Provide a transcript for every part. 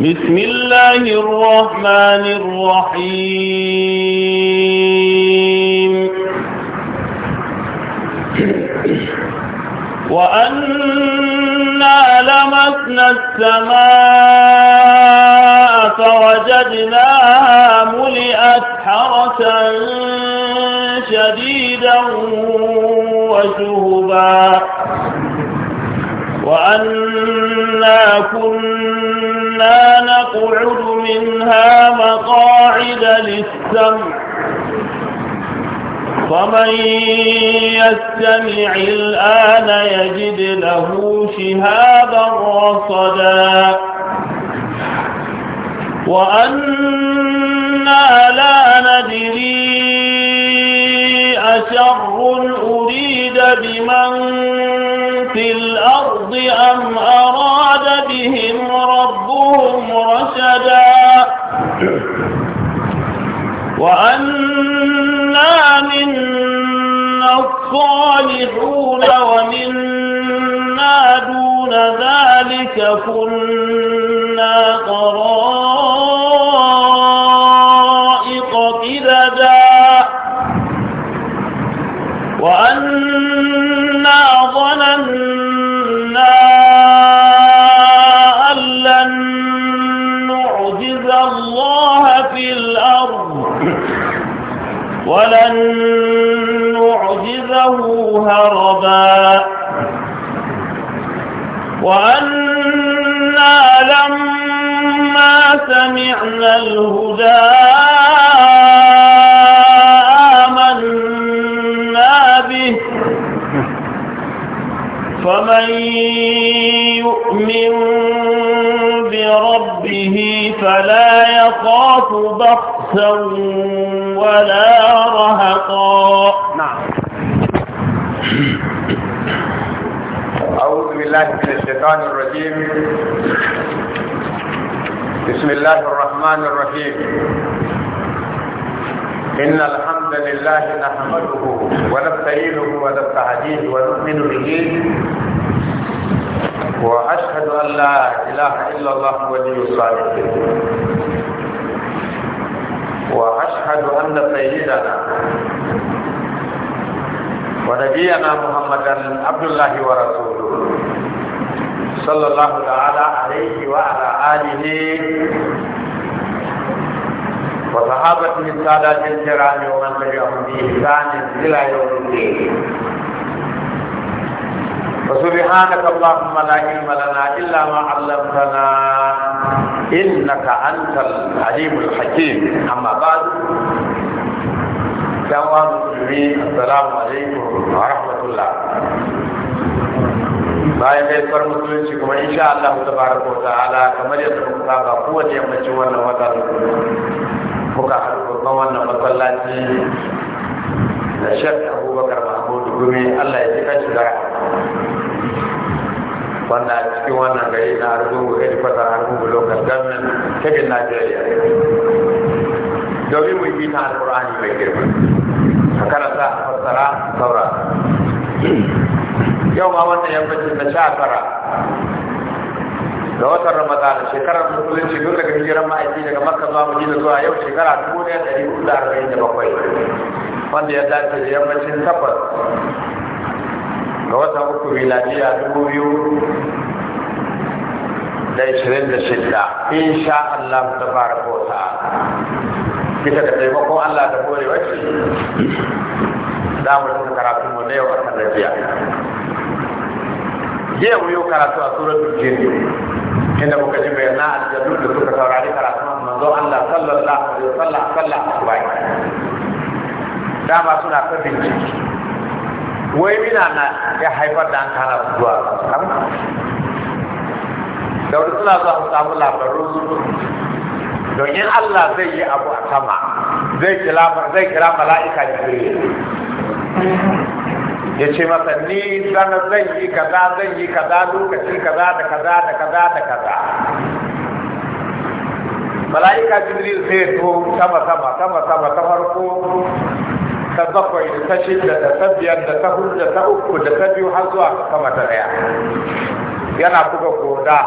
بسم الله الرحمن الرحيم وأنا لمسنا السماء فوجدناها ملئت حرسا شديدا وشهبا وأنا كنا نقعد منها مقاعد للسمع فمن يستمع الآن يجد له شهابا رصدا وأنا لا ندري أشر أريد بمن في الأرض أم أراد بهم ربهم رشدا وأنا منا الصالحون ومنا دون ذلك كنا قرارا سمعنا الهدى آمنا به فمن يؤمن بربه فلا يخاف بخسا ولا رهقا نعم. أعوذ بالله من الشيطان الرجيم بسم الله الرحمن الرحيم إن الحمد لله نحمده ونستعينه ونبتعديه ونؤمن به وأشهد أن لا إله إلا الله ولي الصالحين وأشهد أن سيدنا ونبينا محمدا عبد الله ورسوله صلى الله تعالى عليه وعلى آله وصحابة من سادات الكرام ومن تبعهم بإحسان إلى يوم الدين وسبحانك اللهم لا علم لنا إلا ما علمتنا إنك أنت العليم الحكيم أما بعد السلام عليكم ورحمة الله bayan gaisuwar musulunci kuma sha Allah ta baraka wa ala kamar yadda muka saba kowace yammacin wannan wata da kuma kuka harkokan wannan masallaci da shek abubakar mahmud gumi Allah ya ji kashi shiga wanda a cikin wannan gari na argungu hedikwatar argungu local government kebin najeriya domin mu yi ta alƙur'ani mai girma a karanta fassara saura yau ma wannan yammacin na sha tara da watan ramadana shekarar musulunci duk daga hijiran ma'aiki daga makka zuwa madina zuwa yau shekara dubu ɗaya ɗari hudu da arba'in da bakwai wanda ya dace da yammacin tabbas. ga watan uku miladiya dubu biyu da ishirin da shida insha Allah ta fara kota bisa da taimakon Allah da kore wacce za mu karatu mu na yau a kan rajiya jiya mu karatu a suratul jin inda muka ji bayanan duk da suka saurari karatu manzo Allah sallallahu alaihi wasallam dama suna ta bincike wai mina na ya haifar da an kana zuwa da wani suna zuwa su samu don in Allah zai yi abu a sama zai kira mala'ika jibril ya ce masa ni zan zan yi kaza zan yi kaza lokaci kaza da kaza da kaza da kaza mala'ika jibril sai to sama sama sama sama ta farko ta bakwai da ta shida da ta biyar da ta hudu da ta uku da ta biyu har zuwa sama ta daya yana kuka koda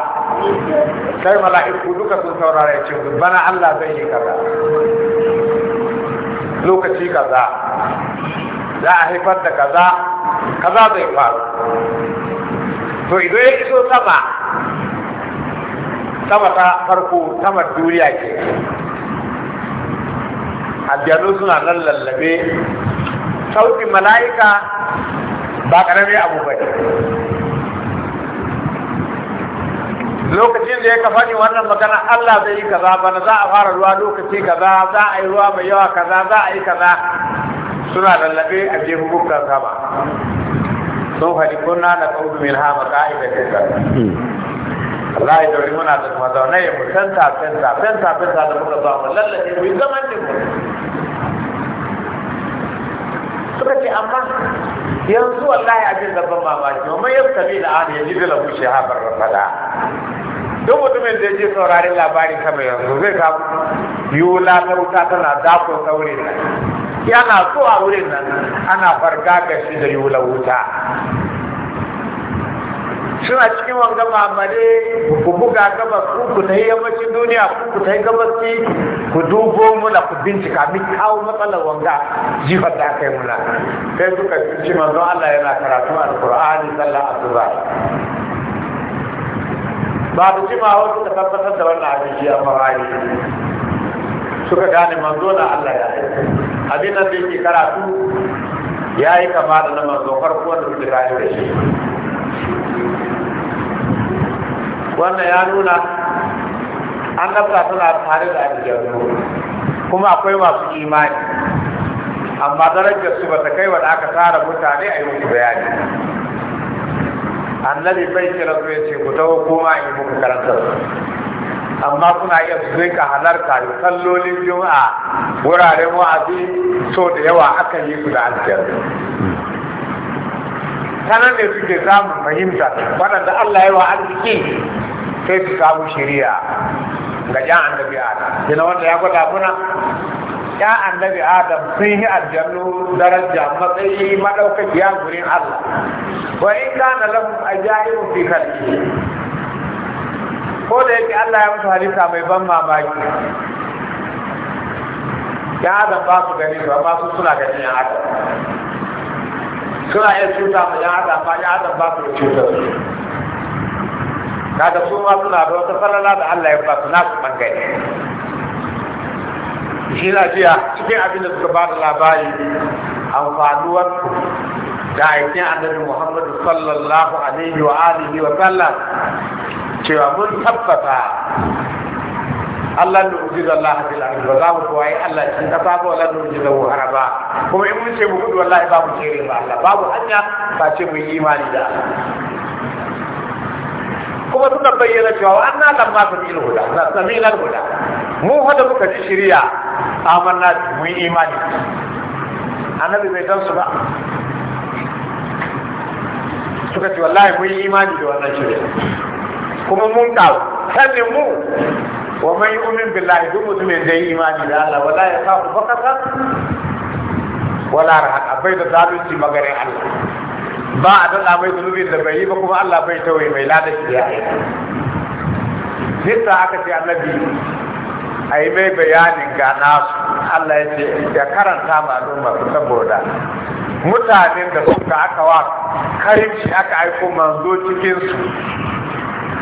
sai mala'iku duka sun saurara ce bana Allah zai yi kaza lokaci kaza za a haifar da kaza kaza zai faru to idan ya iso sama sama ta farko sama duniya ke aljanu suna nan lallabe sauƙin mala'ika ba ƙaramin abu ba lokacin da ya kafa ni wannan magana Allah zai yi kaza bana za a fara ruwa lokaci kaza za a yi ruwa mai yawa kaza za a yi kaza suna lallabe a jefu bukkan sama sun faɗi kunna da ƙaudu min hama ka'ida kaza Allah ya dauri muna da mazaunai mu fenta fenta fenta fenta da muka ba mu lallabe mu yi zaman ne mu suka ce amma yanzu wallahi a da ban mamaki wa mai yabta bi da an yaji da lahu shahabar rafada duk mutumin da je saurarin labarin kama yanzu zai samu yiwu la ta wuta tana dakon saurin nan yana a wurin nan ana farga ga shi da yula wuta suna cikin wanga mamare ku buga gabas ku ku ta yammacin duniya ku ku ta gabas ki ku dubo muna ku bincika mi kawo matsalar wanga jifar da aka yi muna sai suka ci manzo Allah yana karatu alqur'ani sallah asuba ba da jimawa suka tabbatar da wannan abin a farari suka gane manzo da Allah ya abin da yake karatu ya yi kama da nama manzo farko wanda suke rayu da shi wannan ya nuna An annabta suna tare da aljanu kuma akwai masu imani amma darajar su ba ta kai da aka tara mutane a yi musu bayani annabi bai kira su ya ce ku taho koma in muku karantar amma kuna iya su rinka halarta da sallolin juma'a wuraren wa'azi so da yawa aka yi su da aljanna sanar da suke samun fahimta waɗanda Allah ya wa arziki sai su samu shiriya ga jan annabi adam kina wanda ya gwada muna ya annabi adam sun yi aljannu daraja matsayi madaukakiya gurin Allah wa in kana lahum ajaibun fi khalqi ko da yake Allah ya musu halitta mai ban mamaki ya adam ba su gani ba ba su suna gani ya haka suna yin cuta ma ya adam ba ya adam ba su cutar su kaga su ma suna da wata falala da Allah ya ba su su bangare shi na jiya cikin abin da suka ba da labari amfanuwar da aikin annabi Muhammadu sallallahu alaihi wa alihi wa sallam cewa mun tabbata Allah da ujiz Allah hafi ardi ba za mu kowa yi Allah cikin ƙasa ba wala da ujiz wa haraba kuma in mun ce mu gudu wallahi babu kere ba Allah babu hanya ba ce mu yi imani da kuma suna bayyana cewa wa anna lamma ilu huda na sami'il huda mu hada muka ji shari'a amanna mu yi imani annabi bai dan su ba suka ce wallahi mu yi imani da wannan shari'a kuma mun kawo sannin mu wa man yu'min billahi duk mutumin da yi imani da Allah wala ya kafu bakasa wala rahat bai da zalunci magare Allah ba a dada mai zunubin da bai yi ba kuma Allah bai tawaye mai ladashi da ya aika aka ce annabi a yi mai bayanin ga nasu Allah ya ce ya karanta ma maluma saboda mutanen da suka aka wa karimci aka aiko manzo cikinsu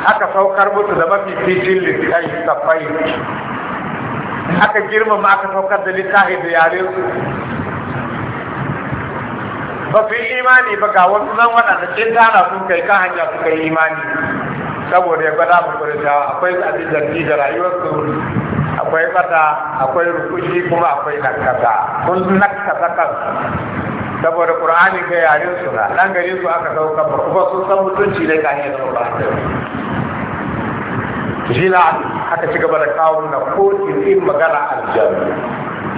aka saukar musu da mafi fitin littafi safai aka girmama aka saukar da littafi da yare su ba fi imani ba ga wasu nan waɗanda cin tana sun kai kan hanya su kai imani saboda ya gwada mu kuritawa akwai abin zargi da rayuwarsu akwai fata akwai rukushi kuma akwai nakasa kun nakasa kansu saboda qur'ani ga yarin su na Ɗan gare su aka sauka ba kuma sun san mutunci ne hanyar yin ba jila aka ci gaba da kawo na kotun in magana aljanna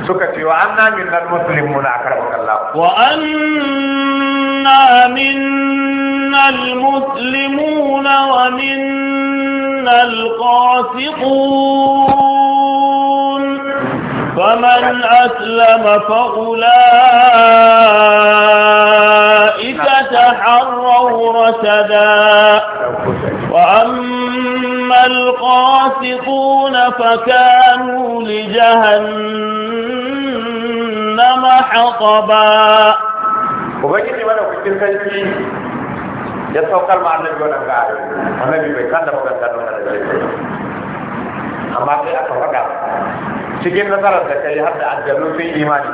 suka ce wa anna minnal muslimuna akarbakallah wa anna minnal muslimuna wa minnal qasitun faman aslama fa ذلك تحروا رشدا وأما القاسطون فكانوا لجهنم حطبا وبجد وانا وكتير كنتي يتوكل مع النبي وانا قاعد النبي بيكان دفع كان وانا رجل أما في أكبر cikin nasarar da kai har da aljanu sun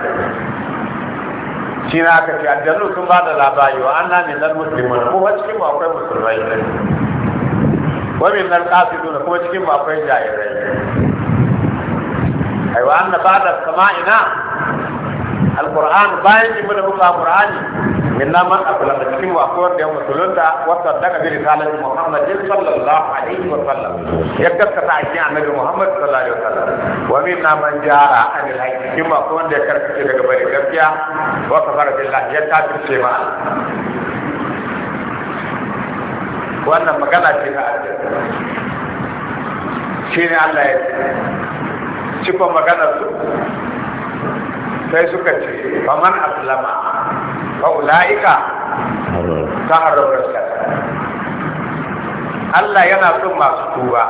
shi na aka ce aljannu sun ba da labari wa anna min al muslimun kuma cikin mu akwai musulmai ne wa min al qasidun ko cikin mu akwai jahilai ai wa anna ba'da sama'ina alquran bayan ji mana muka alqurani min nama akula da a annabi muhammad sallallahu alaihi wa sallam wa min nama sai suka ce faman aslama fa ulaika ta harrar Allah yana son masu tuba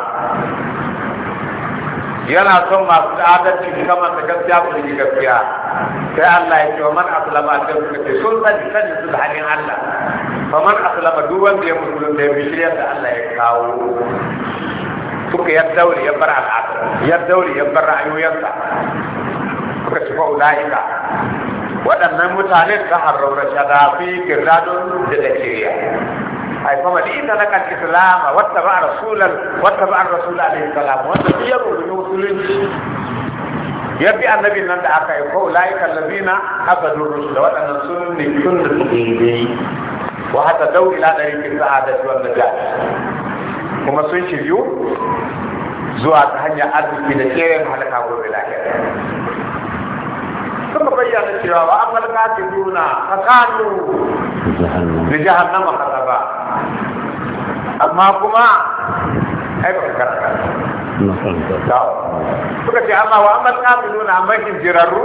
yana son masu adalci da kama da gaskiya ku yi gaskiya sai Allah ya ce wa man aslama da suka ce sun sani sani su da halin Allah fa man aslama duk wanda ya musulunta ya bishiyar da Allah ya kawo suka ya daure ya bar al'ada ya daure ya bar ra'ayoyinsa suka ci fa'ula'ika waɗannan mutanen ta harraura shadafi girdadun da dakiriya ai kuma da ita nakan islam wata ba rasulan wata ba rasul alaihi salam wata ya rubuta musulunci ya bi annabin nan da aka yi ko ulaika allazina abadu rusul waɗannan sun ne sun da dai wa hatta dau ila dariqi sa'adati wan najat kuma sun shiryu zuwa ta hanyar arziki da tseren halaka gobe lafiya suka bayyana cewa ba an halka ta nuna a kanu da jahannama kasa ba amma kuma ai ba karkar suka ce amma wa amma ta nuna amma hijirarru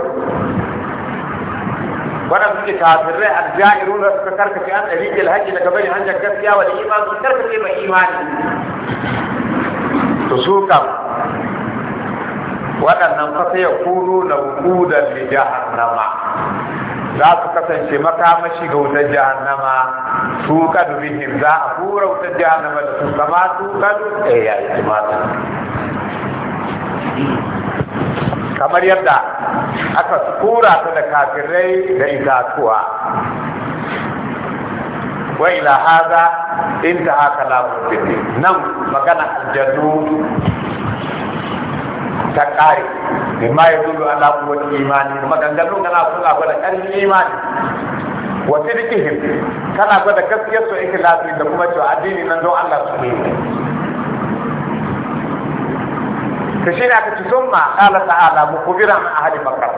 wadda suke kafirai aljairu da suka karkace an ɗari ke alhaji daga bari hanyar gaskiya wa da imani suka karkace mai imani to su kam waɗannan fata ya kuro na wukudan li jahannama za su kasance makamashi ga wutar jahannama su kadu bihim za a kura wutar jahannama da su zama su kadu eh ya yi jimata kamar yadda aka kura ta da kafirai da itatuwa wa ila inta haka kalamu nan magana aljannu ta kare ma ya dulu ala kuwati imani kuma gangarin kana suna da karfin imani wa sidqihim kana da gaskiyar su ikhlasi da kuma cewa addini nan don Allah su ne ta shi ne aka ci ma qala ta'ala a hali makar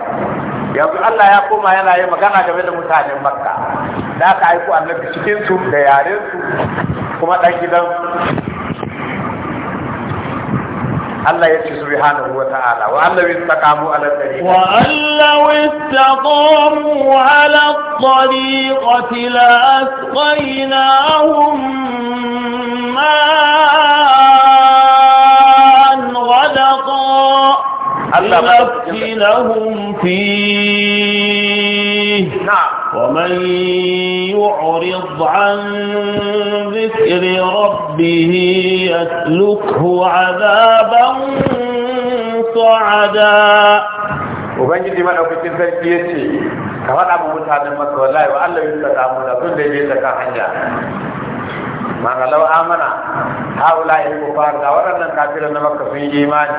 yanzu Allah ya koma yana yi magana game da mutanen makka da aka haiku annabi cikinsu da yarensu, kuma ɗan gidan الله يجي سبحانه وتعالى وأن لو استقاموا على الطريقة لو استقاموا على الطريقة لأسقيناهم ماء غدقا لنفتنهم فيه به ومن يعرض عن ذكر ربه يسلكه عذابا صعدا ubangiji madaukakin sarki ya ce ka faɗa mu mutanen masa wallahi wa Allah yusa da mu da tun da yake ta hanya mana law amana haula il kufar da waɗannan kafiran na makka sun yi imani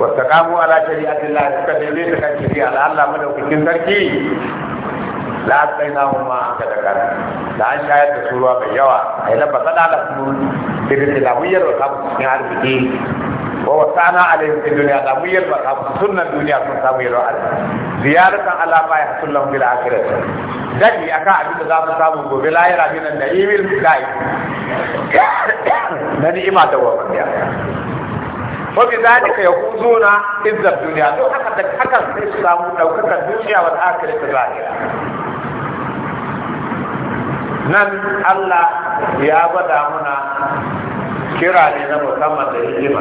wata kamu ala shari'atin la suka daidai ta kan shari'a da Allah madaukakin la sai na mu ma aka daga da an shayar da su ruwa mai yawa a yi labba sada da su da da muyyar da kamu cikin arziki wa wasana alaihim fi dunya da muyyar da kamu sunnan duniya sun samu yarwa arziki ziyaratan ala ma ya abin da za mu samu gobe lahira minan da na da wa bi zalika yaquduna izza duniya, to haka da hakan sai su samu daukakar duniya wal akhirah ta zahira nan Allah ya gwada muna kira ne na musamman da hikima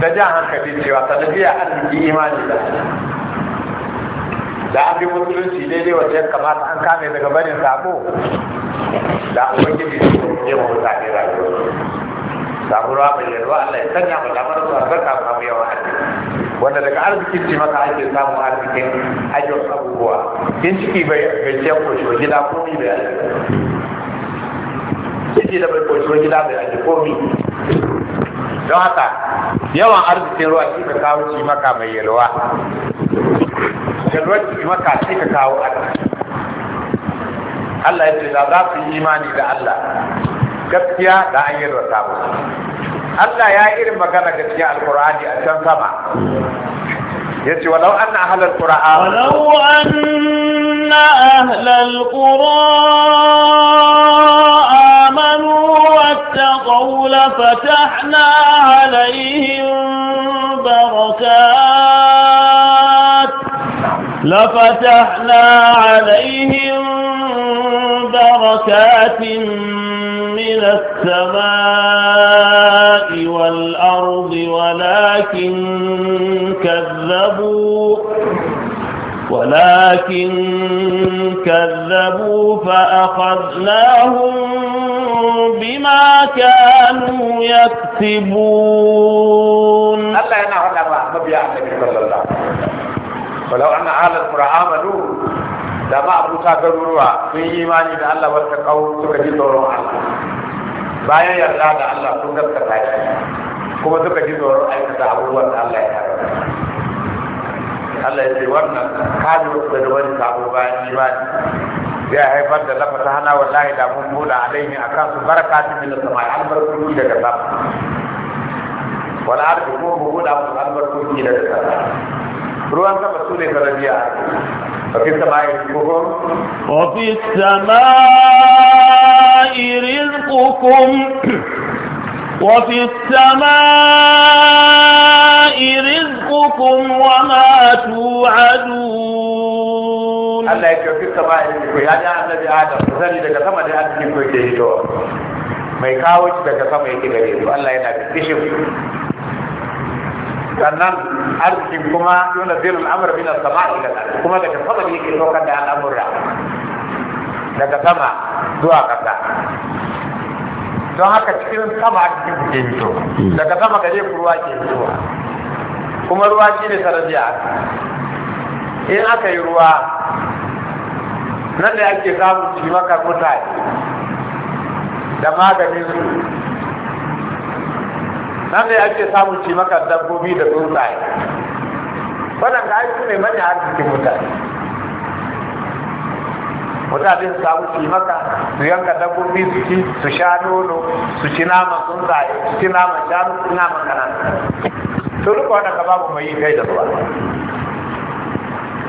da jan hankali cewa sanadiyar arziki imani da da an bi mutunci daidai wacce ya kamata an kame daga barin sabo da ubangiji ya mutane rayuwa samu a mai yalwa Allah ya sanya mu damar su albarka mu samu yawan wanda daga arzikin ce maka ake samun arzikin ajiyar abubuwa in ciki bai gajiya ko ba gida komi bai aji ciki da bai koshi ba gida bai aji komi don haka yawan arzikin ruwa shi ka kawo ci maka mai yalwa yalwa ci maka shi ka kawo arziki Allah ya ce za su yi imani da Allah gaskiya da an yi rasa ba Allah ya yi irin magana gaskiya alqur'ani a can sama yace walau anna ahlal qur'a walau anna ahlal qur'a amanu wattaqaw la fatahna alaihim barakat la fatahna alaihim بركات من السماء والأرض ولكن كذبوا ولكن كذبوا فأخذناهم بما كانوا يكسبون الله ينعم الله ما بيعمل النبي الله ولو أن أهل القرآن آمنوا da ma abuta garuruwa sun yi imani da Allah wata kawo suka ji tsoron Allah bayan yarda da Allah sun gaskata shi kuma suka ji tsoron aikata abubuwan da Allah ya haɗa Allah ya ce wannan kaji da wani sabo bayan imani zai haifar da lafa ta hana wallahi da mun a alaihi a kan su barka ta min sama albarkoki daga sama wala arzi ko mu mun musu albarkoki daga sama ruwan sama su ne sanadiyar وفي السماء رزقكم وفي السماء رزقكم وما توعدون الله يكفي السماء رزقكم يا جاء النبي آدم تسالي لك سما دي ما يكاوش لك سما الله sannan arzikin kuma yana zirin amur na sama ila kuma daga sama ne yake saukar da al'amura daga sama zuwa kasa don haka cikin sama arzikin ku ke fito daga sama gare ku ruwa ke fitowa kuma ruwa shi ne sanadiya in aka yi ruwa nan da ake samun cimakar mutane da maganin su nan ne ake samun maka dabbobi da tsuntsaye wannan ga su ne manyan arzikin mutane mutane su samu cimaka su yanka dabbobi su ci su sha nono su ci nama tsuntsaye su ci nama shanu su ci nama kanan to duka ka babu mai yi kai da ruwa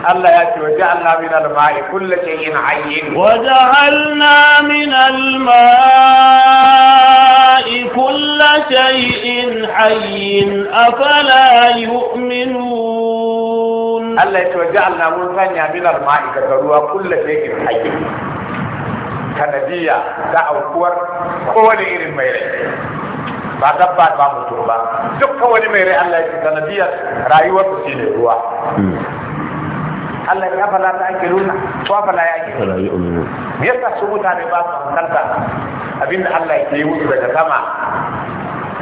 الله ياتي وجعلنا من الماء كل شيء عين وجعلنا من الماء كل شيء حي أفلا يؤمنون الله يتوجعلنا مرغنيا من الماء كتروا كل شيء حين كنبيا دعوا كور كور إير الميرة بعد بعد ما مطربا جب كور الميرة الله يتوجعلنا رأيوة تسيني هو Allah ya fala ta ake runa ko fala ya ake fala ya umu yasa su mutane ba su hankalta abinda Allah ya yi musu daga sama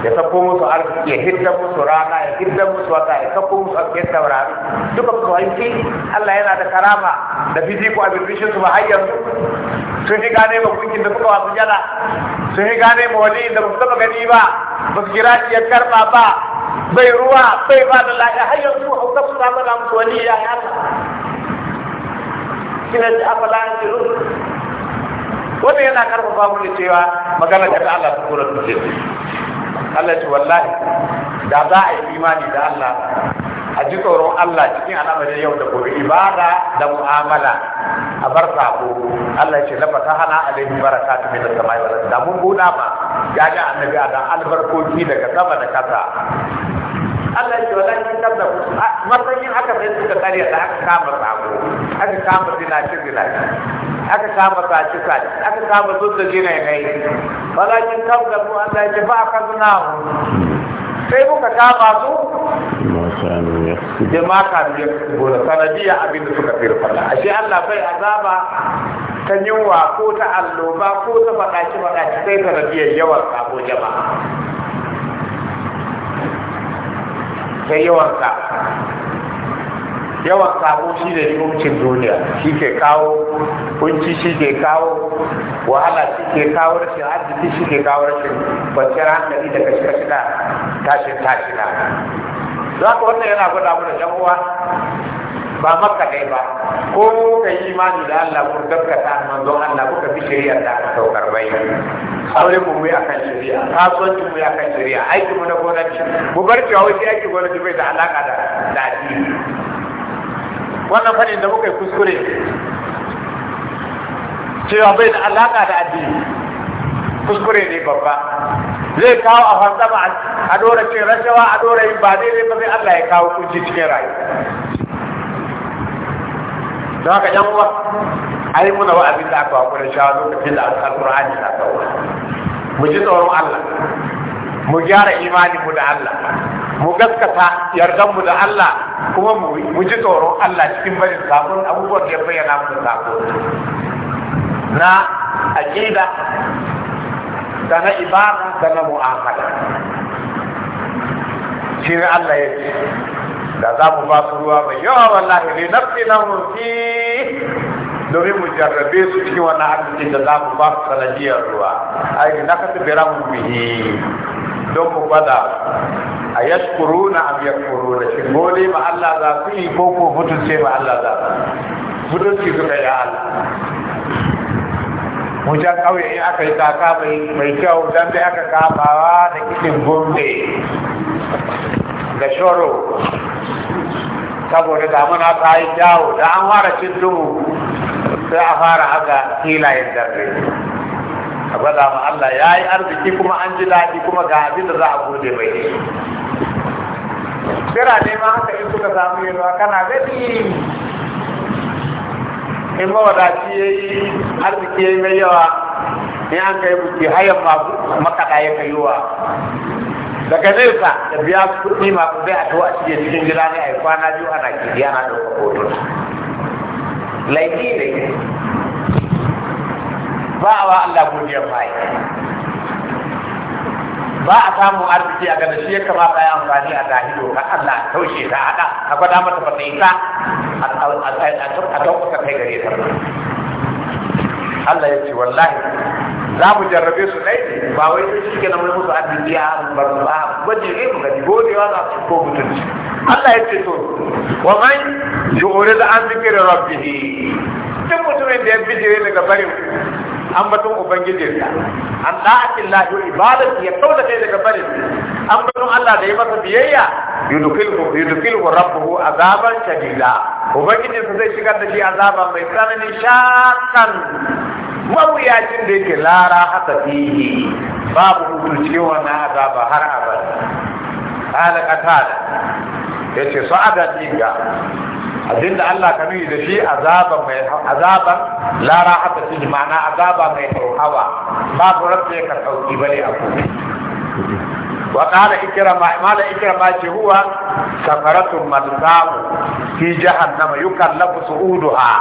ya sako musu arziki ya hidda musu rana ya hidda musu wata ya sako musu arziki da wurare duka su hanki Allah yana da karama da fiziko ko birbishin su ba har yanzu sun yi gane ma kunkin da suka wasu jana sun yi gane ma wani da ba su taba gani ba ba su kira shi ya karba ba bai ruwa bai ba da lafiya har yanzu hauka su zama da musu wani ya yi Allah suna ci afala jiru wannan yana karfafa mu ne cewa magana da ta Allah ta kora su ce Allah ce wallahi da za a yi imani da Allah a ji tsoron Allah cikin al'amarin yau da gobe ibada da mu'amala a bar sabo Allah ce lafa ta hana alaihi baraka ta mai da samai da mun buɗa ma ya ga annabi adam albarkoki daga sama da kasa Allah ya ce wala in kaza matsayin aka sai suka kare da aka kama sabo aka kama zinaci zinaci aka kama sace sace aka kama zuzza gina yanayi wala in kaza mu Allah ya ce ba ka zuna sai muka kama su da ma ka biya gona sanadiyya abin da suka firfalla ashe Allah bai azaba ta yunwa ko ta alloba ko ta faɗaci faɗaci sai sanadiyyar yawan sabo jama'a da yawanka yawan sabo shi ne yawancin duniya shi ke kawo kunci shi ke kawo wahala shi ke kawo rashin arziki shi ke kawo rashin kwanciyar hankali da kashe-kashe tashin tashina za ka wannan yana gwada mana yan uwa ba maka kai ba ko ka yi imani da Allah ko gaskata manzon Allah ko ka bi shari'a da aka saukar bai aure mu ya kan shari'a ki mu ya kan shari'a aiki mu na gwamnati mu bar cewa wai aiki gwamnati bai da alaka da da addini wannan fadin da muka yi kuskure cewa bai da alaka da addini kuskure ne babba zai kawo a fanzama a dora ce rashawa a dora yin ba daidai ba zai Allah ya kawo kunci cikin rayuwa don haka yan uwa yi muna wa abin da aka wakwai kuma lokacin da alƙur'ani na kawo mu ji tsoron Allah mu gyara imanin mu da Allah mu gaskata yardan mu da Allah kuma mu ji tsoron Allah cikin bayan sabon abubuwan da ya bayyana mu da Na na aqida da na ibada da na mu'amala shi Allah ya ce da za mu ba su ruwa mai yawa wallahi li na fi domin mu jarrabe su cikin wannan arziki da za mu ba su sanadiyar ruwa ai na kasu bira mu bihi don mu gwada a na yashkuruna kuru da shi gole ma Allah za su yi ko ko mutunce ma Allah za su mutunci suka yi Allah mu jan in aka yi taka mai kyau don dai aka kafawa da kishin gombe da shoro saboda damuna ta yi jawo da an fara cin duhu sai a fara haka filayen dare a gwada ma Allah ya yi arziki kuma an ji daɗi kuma ga abin da za a gode mai ne ma haka in suka samu yalwa kana gani in mawadaci ya yi arziki ya yi mai yawa in an kai buki hayan makaɗa ya kayuwa daga zai ka da biya kudi ma ku zai a tawo a cikin cikin gida ne a yi kwana biyu ana kiri ana ɗauka hoto laifi ne ba a wa Allah godiyar bayi ba a samun arziki a gada shi ya kamata ya amfani a dahilo ka Allah taushe ta hada a gwada mata ba sai ta a ɗaukaka kai gare ta Allah ya ce wallahi za mu jarrabe su ne ba wai su shi kenan mai musu addini ya bar su ba gwaji ne mu gode wa za su ko mutunci Allah ya ce to wa man da an zikri rabbih duk mutumin da ya bijire daga batun ubangiji ta. an da'atin lahi wa ibadati ya kauda kai daga bari. an batun Allah da ya masa biyayya yudkhiluhu yudkhiluhu rabbuhu azaban shadida ubangijinsa zai shigar da shi azaba mai tsananin shakan mawuyacin da yake lara haka fihi babu hutu cikin wannan azaba har abada ala katada ya ce su adan dinga abinda Allah ka nuni da shi azaba mai azaba lara haka fihi ma'ana azaba mai hawa babu rabbi ya ka sauki bane a kuma وقال إكرمة ikrama إكرمة huwa سفرة ملزام fi jahannama yukallafu su'uduha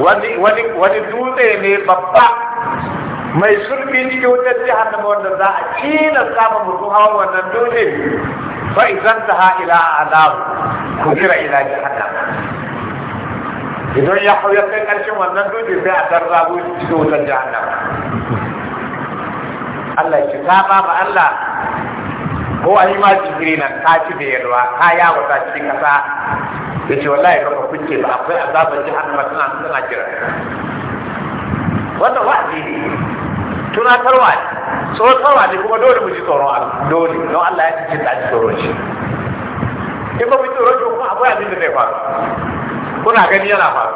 wani wani wani dutse ne babba mai surfi cikin wutar jihannama wanda za a kila sama mutu hawa wannan dutse fa idan ta ha ila alahu ku kira ila jihannama idan ya hau ya kai karshen wannan dutse sai a tarrabu cikin wutar jihannama Allah ya ci saba ba Allah ko a yi ma jikiri nan ka ci da yalwa ka yawo cikin kasa ya ce wallahi ba ka kunce ba akwai azabar jihannama tana tana jira wannan wa'azi ne tunatarwa ne tsoratarwa ne kuma dole mu ji tsoron Allah dole don Allah ya ce ta ji tsoron shi in ba mu ji tsoron shi kuma akwai abin da zai faru kuna gani yana faru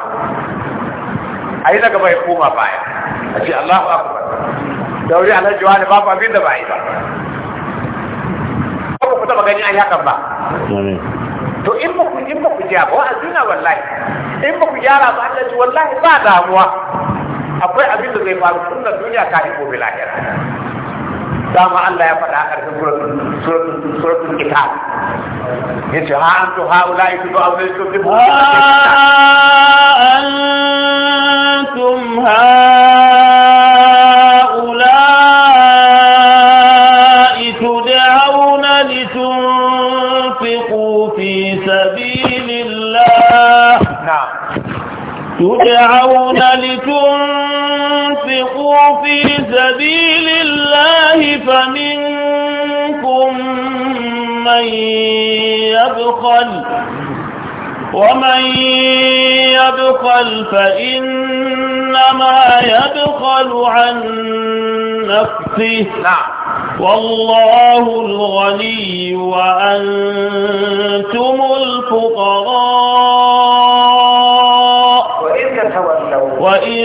a yi na gaba ya koma baya a ce Allahu akbar daure jiwa ne babu abin da ba yi ba ba ku taba gani a yakan ba to in ba ku in ba ku ja ba azina wallahi in ba ku gyara ba Allah ji wallahi ba damuwa akwai abin da zai faru tun duniya ka yi bi lahira dama Allah ya faɗa a ƙarshen suratul kitab yace ha antu haula'i tu awla tu ha antum ha يبخل ومن يبخل فإنما يبخل عن نفسه نعم. والله الغني وأنتم الفقراء وإن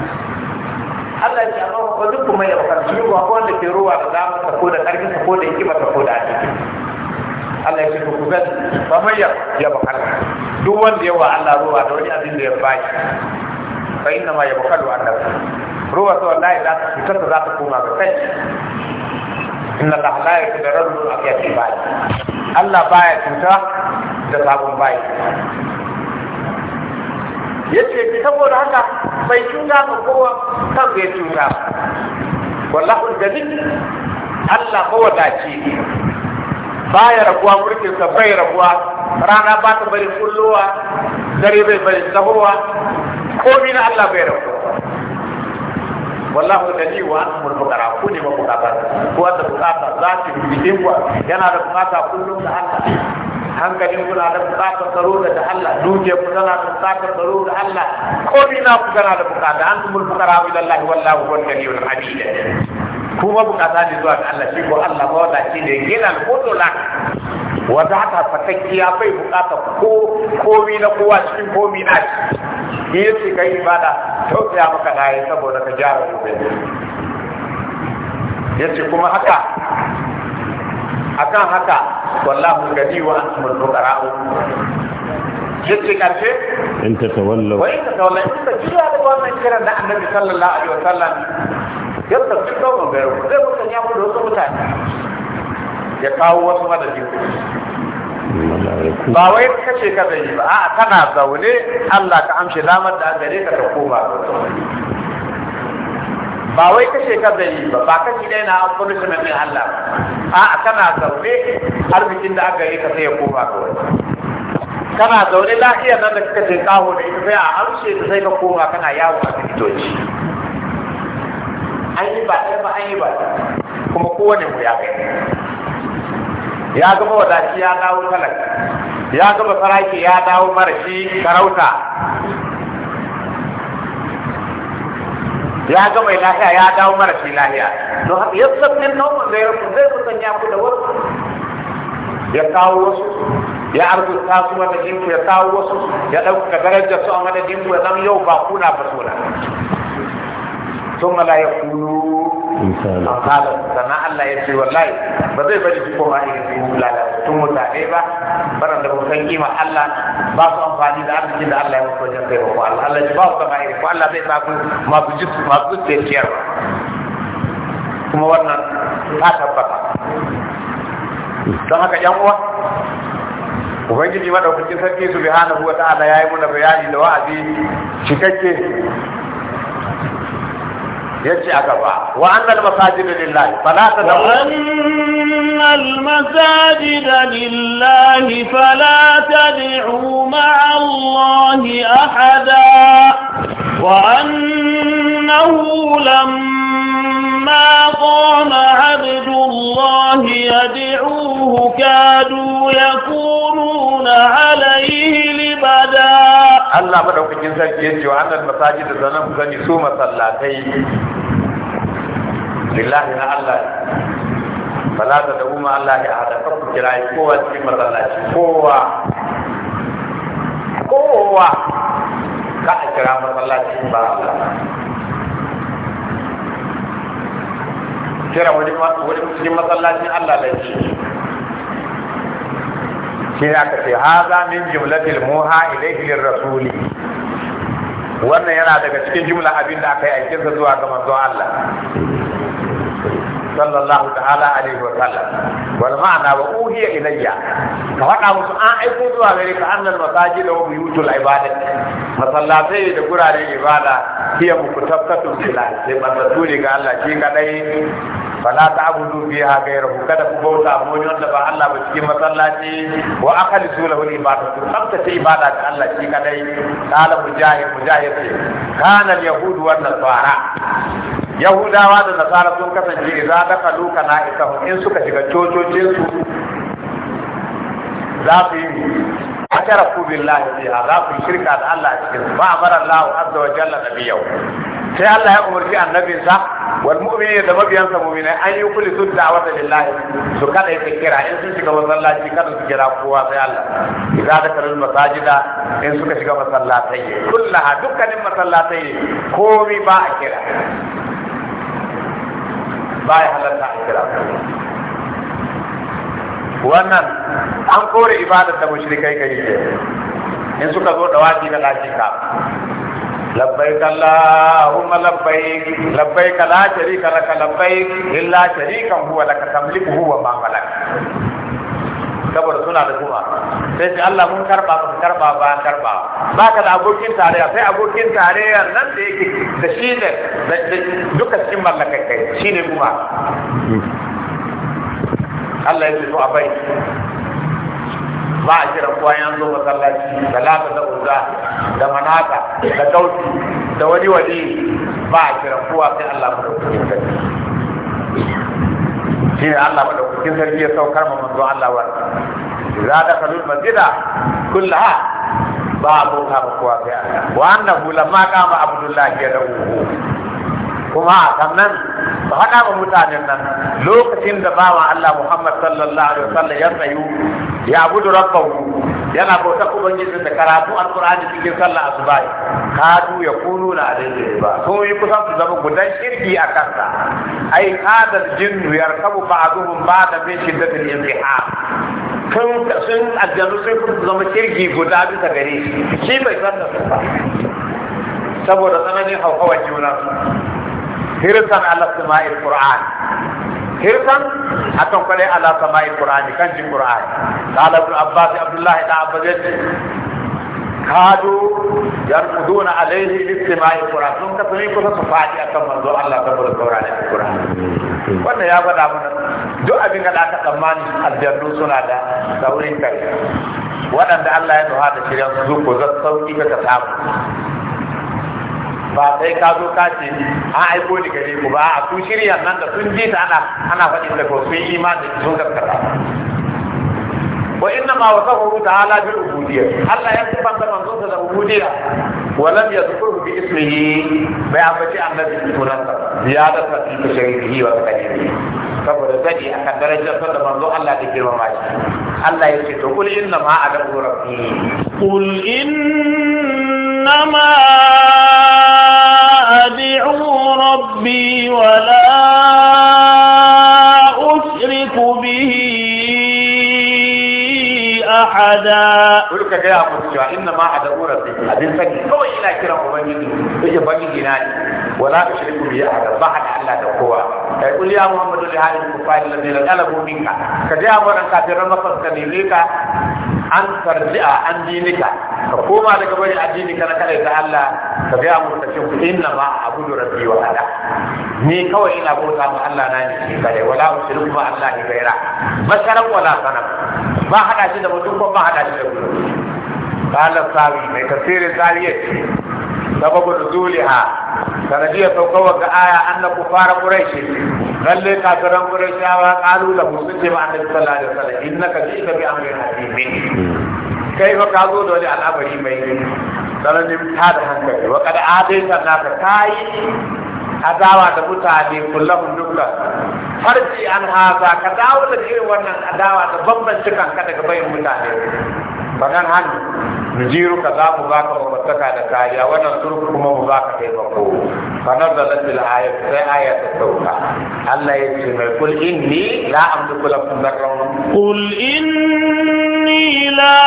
Allah ya amma ko duk kuma ya farci ko ko wanda ke ruwa da zamu ta ko da karfi ta ko da hikima ta ko da aiki Allah ya ce ku zan ba mai ya ya bakar duk wanda yawa Allah ruwa da wani abin da ya baki fa inna ma ya bakalu Allah ruwa to wallahi za ta fitar da za ta koma ga kai inna Allah la yakdaru al-aqiyati bai Allah baya cuta da sabon bai ya ce saboda haka bai cuta ba kowa kan bai cuta wallahu dalil Allah mawadaci ne baya rabuwa sa bai rabuwa rana ba ta bari kullowa dare bai bari sahowa ko min Allah bai rabuwa wallahu gani wa antumul bukara ku ne mabukata ku wata bukata za ki bi ku yana da bukata kullum da Allah hankalin kuna da bukatar tsaro da Allah duke ku tana da bukatar tsaro da Allah ko na ku tana da bukata an tumul fukara wa Allah wallahu huwal ganiyul hamid kuma bukata ne zuwa ga Allah shi ko Allah ba wata shi ne wa za ta fatakki ya bai bukata ko komi na kowa cikin komi na shi yace kai ibada ya maka da saboda ka jara ku yace kuma haka akan haka wallahu gani wa antumul fuqara'u yace karshe in ta tawalla wa in ta tawalla in ta jiya da wannan kiran da annabi sallallahu alaihi wasallam yau ta fi kawo ga yau zai mutan ya mu da wasu mutane ya kawo wasu madadin ba wai kace ka zai ba a'a kana zaune Allah ka amshi lamar da gare ka ta koma ba wai kashe ka zai yi ba ba kashi dai na punishment din Allah a kana zaune arzikin da aka yi ka sai ya koma ka wani kana zaune lafiya nan da kake kawo da ita sai a harshe ta sai ka koma kana yawo a asibitoci an yi ba ba an yi ba kuma kowane mu ya gani ya gama wadaci ya dawo talaka ya gama faraki ya dawo marashi karauta ya ga mai lahiya ya dawo mara shi lahiya to ya yasabin nauman zai rufu zai musanya ku da wasu ya kawo wasu ya arzuta su wanda jinku ya kawo wasu ya ɗauka darajar su a madadin ku ya zama yau ba kuna ba suna sun mala ya kulu insana kala sana Allah ya ce wallahi ba zai bari ku koma irin su lalatun mutane ba baran da ba san kima Allah ba su amfani da arzikin da Allah ya musu wajen kai ba Allah Allah ya ba ku kama irin ku Allah zai ba ku masu jisu masu tsirkiyar kuma wannan ta tabbata don haka yan uwa ubangiji madaukakin sarki subhanahu wa ta'ala yayi muna bayani da wa'azi cikakke يجي وأن المساجد لله فلا تدعوا وأن المساجد لله فلا تدعوا مع الله أحدا وأنه لما قام عبد الله يدعوه كادوا يكونون عليه Allah madaukakin sarki yace wa annal masajid da sanan zani su masallatai lillahi na Allah fala ta da umma Allah ya hada ka ku kira kowa cikin masallaci kowa kowa ka a kira masallaci ba Allah kira wani wani cikin masallacin Allah laifi shi ne aka ce haza min jumlatil muha ilayhi lirrasuli wannan yana daga cikin jumla abin da aka yi aikinsa zuwa ga manzon Allah sallallahu ta'ala alaihi wa sallam wal ma'ana wa uhiya ilayya ka faɗa musu an aiko zuwa gare ka annal masajid wa buyutul ibadat masallatai da guraren ibada hiya mukutabbatun billah sai ban ne ga Allah shi kadai fala ta'budu biha ghayrahu kada ku bauta mu wanda ba Allah ba cikin masallaci wa akhlisu lahu al-ibadatu tsabtace ibada da Allah shi kadai qala mujahid mujahid kana al-yahud wa nasara yahudawa da nasara sun kasance idza dakalu kana isahum in suka shiga cococin su za su yi akara ku billahi biha za su shirka da Allah cikin ba amara Allah sai Allah ya umarci annabinsa wal mu'mini da mabiyansa mu'minai an yi kulli sun da'awata lillahi su kada yake kira in sun shiga masallaci kada su kira kowa sai Allah idza dakarul masajida in suka shiga masallatai kullaha dukkanin masallatai komi ba a kira ba ya halatta a kira wannan an kore ibadar da mushrikai kai ke in suka zo da wajibi na lafiya لبيك اللهم لبيك لبيك لا شريك لك لبيك إلا شريكا هو لك تملكه وما ملك kabar suna da kuma sai sai Allah mun karba mun karba ba karba ba ka da abokin tarayya sai abokin tarayya nan da yake da shi ne duka cikin mallakai kai shi ne kuma Allah ya ce a bai ba a kiran kowa yan zo masallaci da lata da uzza da manaka, da dauki da wani wani ba a kiran kowa sai Allah madaukakin sarki shi ne Allah madaukakin sarki ya saukar ma manzo Allah wa za da kalul masjida ha? ba abun ha kowa sai Allah wa annahu lamma kama abdullahi ya uku. kuma sannan su haɗa ma mutanen nan lokacin da bawa Allah Muhammad sallallahu alaihi wasallam ya tsayu ya abudu rabbahu yana bauta ubangiji da karatu alqur'ani cikin sallah asuba kadu ya kunu na alaihi ba sun yi kusan su zama gudan shirki a kansa ai kadar jinnu yarkabu ba ba'da min shiddatil imtihan sun sun aljanu sai kun zama kirgi guda bisa gare shi shi bai san da su ba saboda tsananin haukawar juna حرصا على سماع القرآن حرصا أتم قلي على سماع القرآن كنج القرآن قال ابن عباس عبد الله بن عباس كادوا يرقدون عليه لاستماع القرآن ثم كتبني كتب صفاتي أكم منذ الله تبارك وتعالى القرآن wannan ya faɗa mana duk abin da aka tsammani aljannu suna da saurin kai waɗanda Allah ya nuha shirya su zan sauki ka samu ba sai ka zo ka ce an aiko ni gare ku ba a sun shirya nan da sun ji ta ana ana faɗin da sun yi imani sun gaskata wa inna ma wasafahu ta'ala bil ubudiyya Allah ya sifanta manzon sa da ubudiyya wa lam yadhkuru bi ismihi bai ambaci annabi sunansa ziyada ta fi sharihi wa kadiri saboda zadi akan darajar sa da manzo Allah da girma shi Allah ya ce to kul inna ma adabu rabbi kul inna إنما أدعو ربي ولا أشرك به أحدا ولك يا أبو إنما أدعو ربي أدين سكي كوي إلا كرم أبنجي إيجي بنجي ولا أشرك به أحدا ما حد ألا تقوى قل يا محمد لهذه الكفار الذين غلبوا منك كجاء أبو أنك ترمى فسكني كذلك an tarji'a an dinika ka koma daga bari addini kana kada ta Allah ka ga mu ta cewa inna ma abudu rabbi wa ala ni kawai ina bauta ma Allah na ne shi kare wala ushriku ma Allah ni gaira basharan wala sanam ba hada shi da mutum ko ba hada shi da mutum qala sawi mai tafsirin zariya sababul zuliha sanadiyar saukawar ga aya an na kufara ƙuraishi lalle a ƙuraishawa ƙalu da musu ce ma annabi sallallahu alaihi wasallam innaka ji'ta bi amri hadimin kai fa ka zo da wani al'amari mai tsananin ta da hankali wa kada adaita naka kayi adawa da mutane kullahun dukkan farji an haza ka dawo da irin wannan adawa da bambancin kanka daga bayin mutane banan han nujiru ka za mu baka mamataka da kariya wannan turku kuma mu baka taimako fa nazalat al ayat sai aya ta sauka Allah ya ce mai kul inni la amliku lakum darran kul inni la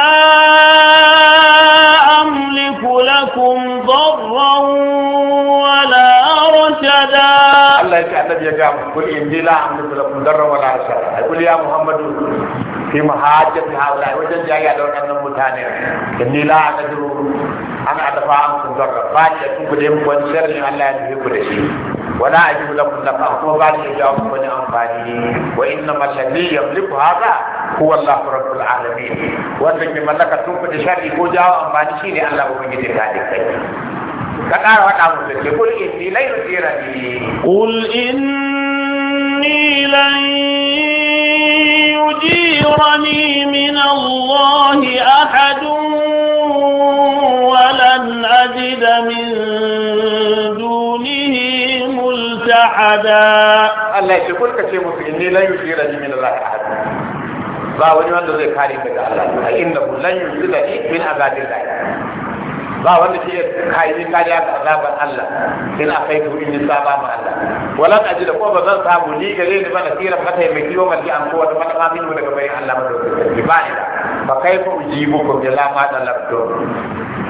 amliku lakum darran wala Allah ya ce annabi ya ga kul inni la amliku lakum darra wala kul ya muhammadu fi haula wajen jaya da waɗannan mutane inni la an adafa an kun darra ba wani sharri Allah ya ku da shi wala lakum kuma ba ya ku wani amfani wa inna mallani yamliku huwa Allah rabbul alamin wanda ke mallaka tun ku da sharri ko jawo amfani shine Allah ubangiji ta dai kakara wata mu de ko inni lay rira ni qul inni lay yujirani min allah ahad walan ajid min dunihi multahada allah ce ko kace mu inni lay yujirani min allah ahad ba wani wanda zai kare daga Allah inda kullun yuzila min azabillah ba wanda ke kai ka ya azabar Allah in akai to in saba ma Allah wala da ko ba zan samu ni gare ni ba nasira ka tai mai kiwon malki an ko wata malaka min daga bai Allah ba to ba ni ba kai ko ujibu ko da la ma da labdo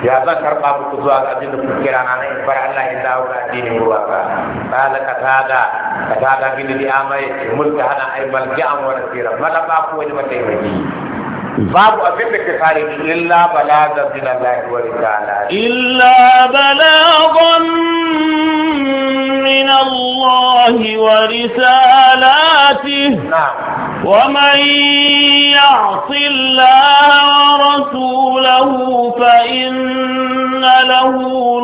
ya zan karba ku zuwa ga din ku kira na in bar Allah ya dawo ga addinin ruwa ka kala ka tada ka tada bin di amai mulka hana ai malki an ba nasira malaka ko wani mai باب ابن كفار الا بلاغا من الله ورسالا الا بلاغا من الله ورسالاته نعم ومن يعص الله ورسوله فان له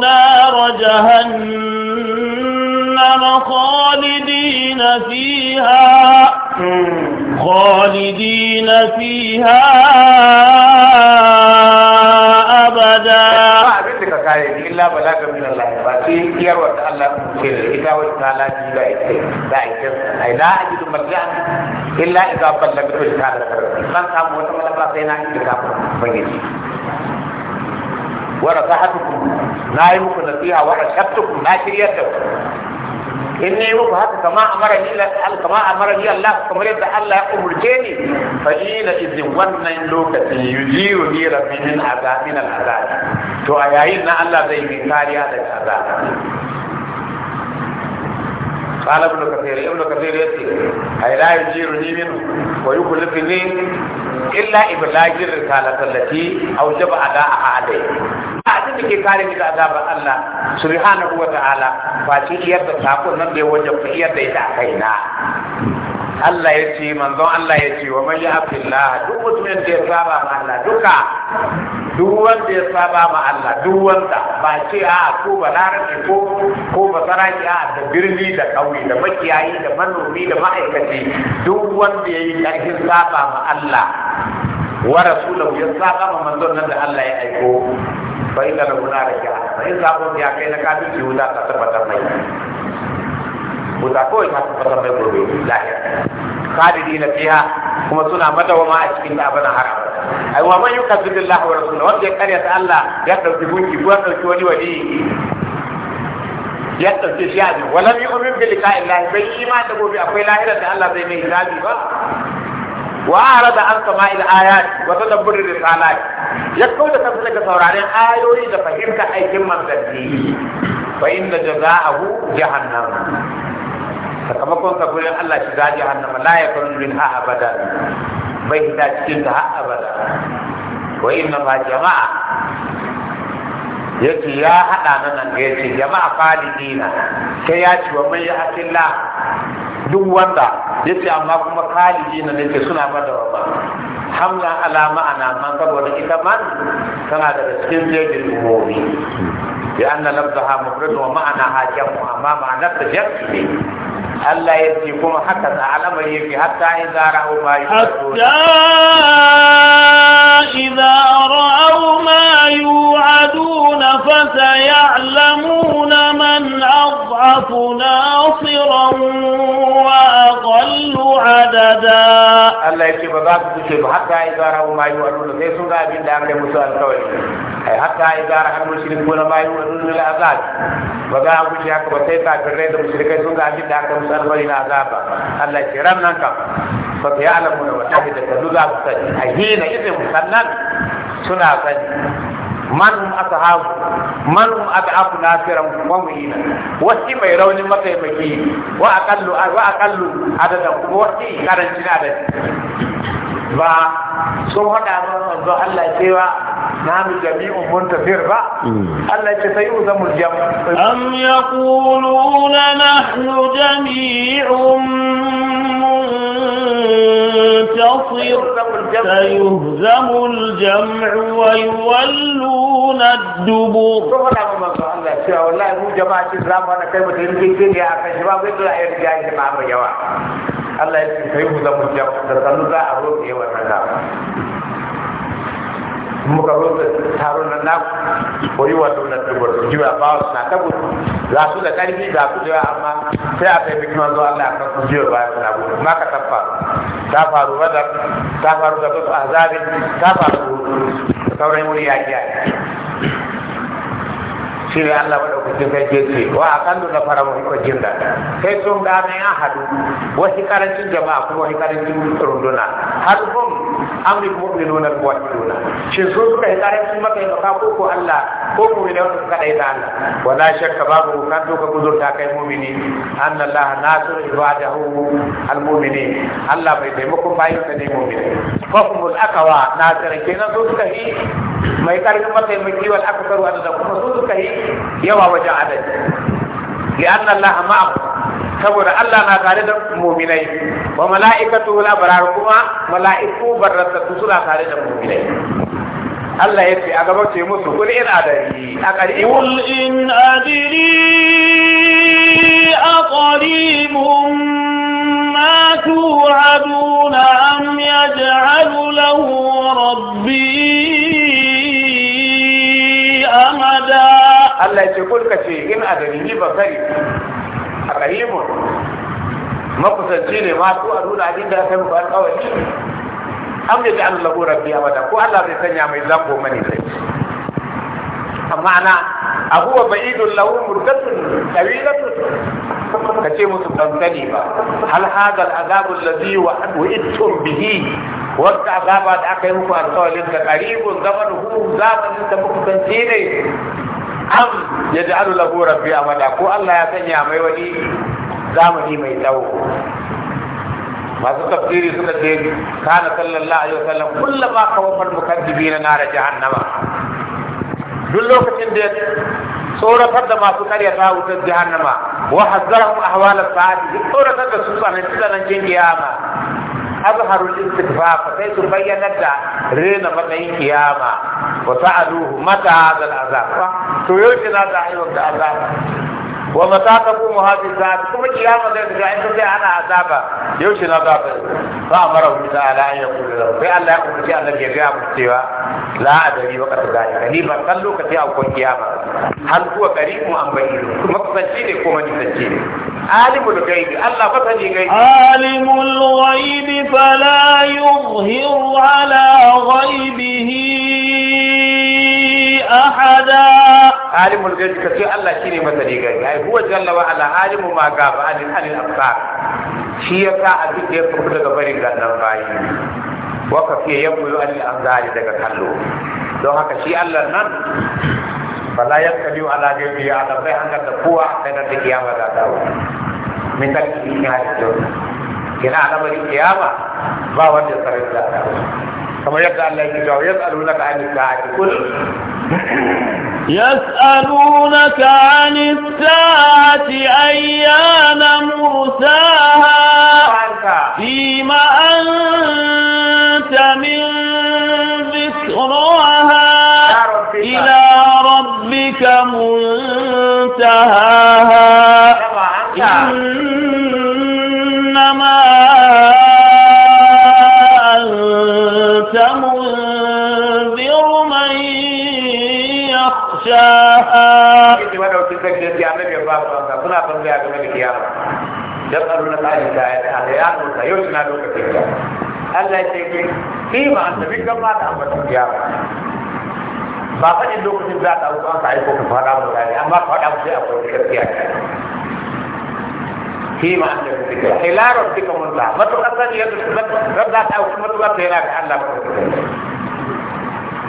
نار جهنم جهنم خالدين فيها خالدين فيها أبدا إلا بلاك من الله باتي كيروة الله في الكتاب والتعالى جيبا إلا إذا أبدل بكل تعالى من قام موتم الله فينا إلا ورصحتكم نائمكم نصيحة ورشبتكم ناشريتكم إني وفهت كما أمرني الله كما أمرني الله كما رد الله أمرتني فإلى إذن ونن لوكة يجيرني ربي من العذاب من العذاب تو أيهنا الله ذي من كاريات العذاب قال ابن كثير ابن كثير يأتي أي لا يجيرني منه ويخلفني إلا إبلاغ الرسالة التي أوجب أداءها عليه abin da ke kare ni da azabar Allah subhanahu wa ta'ala ba ce iyar da sakon nan ya wajabta da ita a kaina Allah ya ce manzon Allah ya ce wa man abdullah duk mutumin da ya saba ma Allah duka duk wanda ya saba ma Allah duk wanda ba ce a ko balarabe ko ko saraki a da birni da kauye da makiyayi da manomi da ma'aikaci duk wanda ya yi ƙarfin saba ma Allah wa rasulahu ya saba ma manzon nan da Allah ya aiko fa inna lahu nara jahannam in sabon ya kai na kafin wuta ta tabbatar mai mutako ya masu kasar mai gobe lahira khalidina fiha kuma suna madawama a cikin abana haram ai wa man yukadzibillahu wa rasulahu wanda ya karyata Allah ya dauki gunki ko ya dauki wani wali ya ɗauke shi azumi walam yu'min bi liqa'i Allah bai yi ma da gobe akwai lahira da Allah zai mai hisabi ba wa arada an sama'il ayat wa tadabbur risalat ya kauda kansa daga sauraren ayoyi da fahimta aikin manzanni fa inna jaza'ahu jahannam sakamakon sa gurin Allah shi ga jahannama la yakunu minha abada bai hita cikin ta har abada wa inna ma jama'a yake ya hada nan nan da yace jama'a falidina sai ya ci wa mai akilla duk wanda yace amma kuma khalidina ne ke suna bada wa hamla ala ma'ana man saboda ita man tana daga cikin jejin umumi bi anna lafzaha mufrad wa ma'ana ha jamu amma ma'anar ta jamu ne ألا يأتيكم حتى تعلم يبي حتى إذا رأوا ما إذا رأوا ما يوعدون فسيعلمون من أضعف ناصرا وأقل عددا الله يكتب ذاك كتب حتى إذا رأوا ما يوعدون ليس ذا بين دامر موسى الكوي حتى إذا رأى المشركون ما يوعدون من العذاب وذا أبو شاك وسيطا في الرئيس المشركين سنة أبين دامر موسى الكوي العذاب الله يكرم نكم فسيعلمون وشاهد تدوذا مستجد حين إذن مسنن سنة سنة man hum ashabu man hum ad'afu nafiran wa mu'ina wasi mai raunin mataimaki wa aqallu wa aqallu adadan kuma wasi ba sun hada ba manzo Allah cewa نعم جميع منتصر بقى الله يتسيؤزم الجمع أم يقولون نحن جميع منتصر ينتصر سيهزم الجمع ويولون الدبور والله يا الله شباب muka roƙa taron nan na koyi yi wato na dubar jiwa ba su na tabu za su da karfi za su da amma sai a kai bikin wanzu Allah ya kasu jiwa ba su na gudu ma ka ta faru ta faru ta faru da su azabi ta faru sauran muri ya ya shi ne Allah maɗaukacin kai ke ce wa a kan nuna fara mu hikwa jin da sai sun gane ya haɗu wasu karancin jama'a kuma wasu karancin runduna hadu kuma am bil mu'minuna al muwahhiduna shin su suka yi karanci maka yin ka ko Allah ko mu'mina wanda suka dai da Allah wala shakka babu kan doka kuzurta kai mu'mini anna Allah nasir ibadahu al mu'mini Allah bai taimakon bayin ka ne mu'mini fahmul akawa nasir kenan su suka yi mai mai karfin mataimaki wal aksaru adada kuma su suka yi yawa wajen adadi li anna Allah ma'ahu saboda Allah na tare da mu'minai wa mala'ikatu la barar kuma mala'iku barrasatu suna tare da mu'minai Allah ya ce a gaba ce musu kul in adari a ƙarfi kul in adri a qaribun ma tu'aduna am yaj'alu lahu rabbi amada Allah ya ce kul ka ce in adari ni ba kari a qaribun makusanci ne ma su a nuna abin da aka yi ba kawai an yi ja'an lahu rabbi abada ko Allah zai sanya mai zango mani sai amma ana abuwa ba'idun lahu murgatun tawilatun ka ce musu kankani ba hal hadal azabul ladhi wa wa'idtum bihi wata azaba da aka yi muku alƙawarin ka qaribun zamanuhu zamanin da muku kanci ne am yaj'alu lahu rabbi amada ko Allah ya sanya mai wani zamani mai tsawo masu tafsiri suka ce kana sallallahu alaihi wasallam ma kawafal mukaddibina nar jahannama duk lokacin da tsoratar da masu karya ta wutar jahannama wa hazzarahum ahwalas sa'ati duk tsoratar da su sanan sanan cin kiyama azharu istighfar sai su bayyana da rena matsayin kiyama wa sa'aluhu mata hadha al-azab to yau kina da ayyuka da azab وما تعتقوا هذه الذات ثم كلام ذلك عند ذي أنا عذابا يوشي نظافة فأمره تعالى أن يقول له في ألا يقول في أن الذي يقام السوى لا أدري وقت ذلك هني فقلوا كتيا وكون كياما هل هو قريب أم بعيد مقصدين يكون من يفجين عالم الغيب الله فتني غيب عالم الغيب فلا يظهر على غيبه أحداً alimul gaibi ka ce Allah shine ne gaibi ai huwa jalla wa ala alimu ma gaba alil alil absar shi ya ka abin da ya fito daga barin gannan bayi wa ka fiye yamulu alil absar daga kallo don haka shi Allah nan fala yakali ala gaibi ya ala bai hanga da kowa kai da kiyama da dawo min dalilin ya ce kina alamar kiyama ba wanda sarai da dawo كما يسأل الله يسالونك عن الساعه قل يسألونك عن الساعة أيان مرساها فيما أنت من ذكرها إلى ربك منتهاها tambaya game da kiyama dan da ya ya ta yau suna lokacin Allah ya ce kima an tafi kiyama ba lokacin ta mu amma an ila rabbika ta yana da Allah ba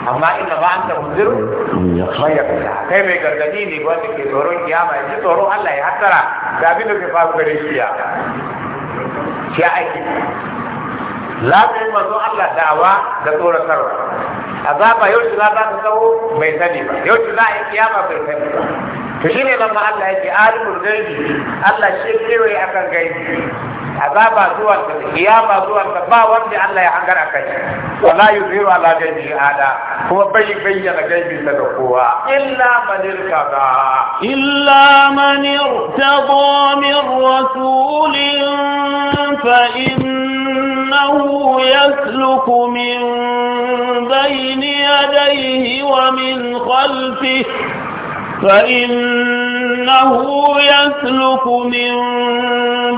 amma inna ba anta munziru man yakhsha kai mai gargadi ne wanda ke tsoron kiyama ya ji tsoron Allah ya hattara da abin da ke faru gare shi ya shi aiki za ka yi manzo Allah da'awa da tsoratarwa azaba yau shi za ta kawo bai sani ba yau shi za a yi kiyama bai sani ba to shine lamma Allah yake alimul gaibi Allah shi kewaye akan gaibi عذاب ازوان غياب ازوان ما وردي الله يحنجر اكاي ولا يظهر من ارتضى الا من ارتضى من رسول فانه يسلك من بين يديه ومن خلفه فإنه يسلك من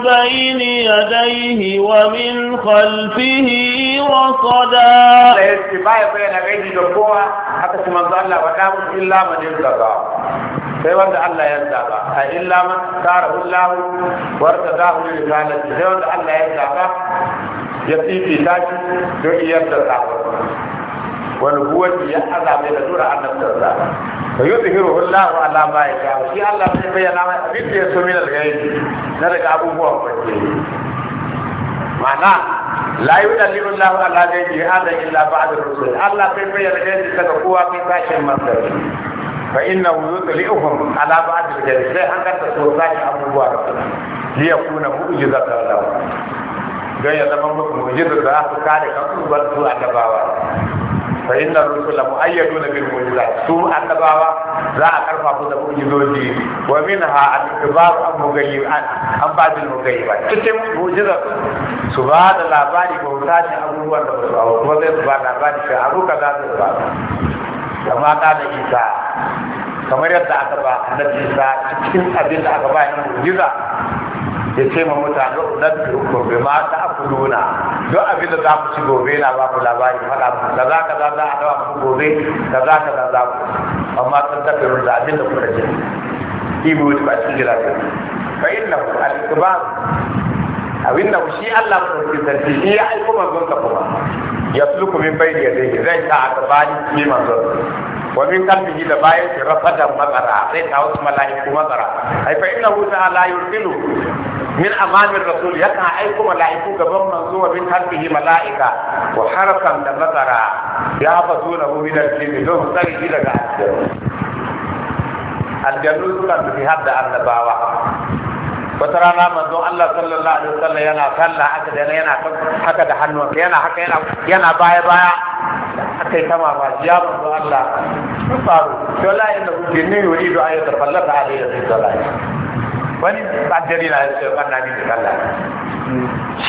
بين يديه ومن خلفه رصدا لا يستمع بين غيره لقوة حتى كما قال الله إلا من يرتضى sai wanda Allah ya zaba a illa man tara ullahu warda da hu risalati sai wanda Allah ya zaba ya fifi don iyar da wani ya azabe tura annabtar wa yuzhiru Allahu ala ma yasha shi Allah zai bayyana mai abin da ya so min al-ghaibi na daga abubuwan kwace ma'ana la yudallilu Allahu ala ghaibi hada illa ba'da rusul Allah bai bayyana ghaibi daga kowa kai tashin masar fa innahu yudli'uhum ala ba'd al-ghaibi sai an karta so sai abubuwa da ya zama da kare fa inna rusula da bil mu'jizat su annabawa za a karfafa da mu'jizoji wa minha al-ikhbar an mugayyib an ba'd al-mugayyibat cikin mu'jizat su ba da labari ko tashin abubuwan da ba su kuma zai su ba labari shi a ruka za su ba kamar yadda aka ba annabi isa cikin aka ba mu'jiza ya ce ma mutane na gobe ma ta akuluna don abin da za ku ci gobe na ba ku labari faɗa ku da za ka za za a dawa ku gobe da za ka za za ku amma sun tafi da abin da kuka ce ibu wuce ba cikin jira ne fa inna ku al-kibar abin da shi Allah ku sarki shi ya aiko manzon ka kuma ya sulku min bayni yadayhi zai ta a gabani ki wa min qalbihi da bayan shi rafadan mazara sai kawo mala'iku mazara ai fa innahu ta'ala yursilu min amamin rasul yakan aiko mala'iku gaban manzo wa min qalbihi mala'ika wa harfan da mazara ya fasu na min al-jinni don sai daga aljannu aljannu sukan bi hadda annabawa wata rana manzon Allah sallallahu alaihi wasallam yana sallah haka da yana haka da hannun yana haka yana yana baya baya haka ta ba ya manzon Allah sun faru to la inna jinni ne yuridu an tafallata alaihi sallallahu wani bajari na yake wannan ne sallah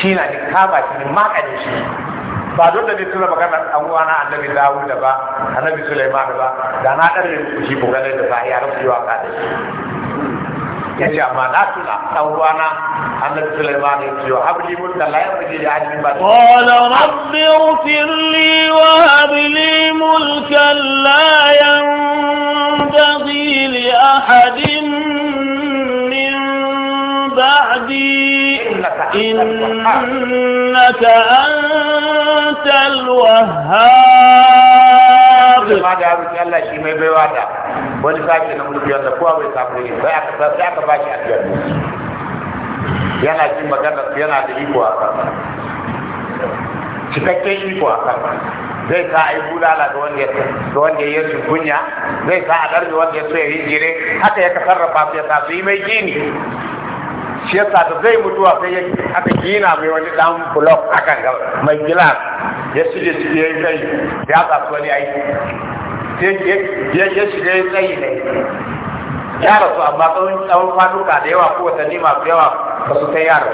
shi na ni kama shi makani shi ba don da zai tura magana an uwana annabi da ba annabi Sulaiman ba da na dan ne shi bugalai da sahiya rabuwa ka da shi قال رب اغفر لي وهب لي ملكا لا ينبغي لأحد من بعدي إنك أنت الوهاب fadil ma da arziki baiwa da wani sake na yana magana yana da zai sa a yi bulala ga wanda ya ga kunya zai sa a ɗarfi wanda ya so ya yi jire haka ya ka sarrafa su ya sa su yi mai gini shi yasa da zai mutuwa sai ya haka gina mai wani dan block akan gaba mai gilas ya shige shi ya yi kai ya tsasu wani aiki sai ya shiga ya tsayi ne ya rasu amma tsawon k'a da yawa ko nima masu yawa ba su kai yaro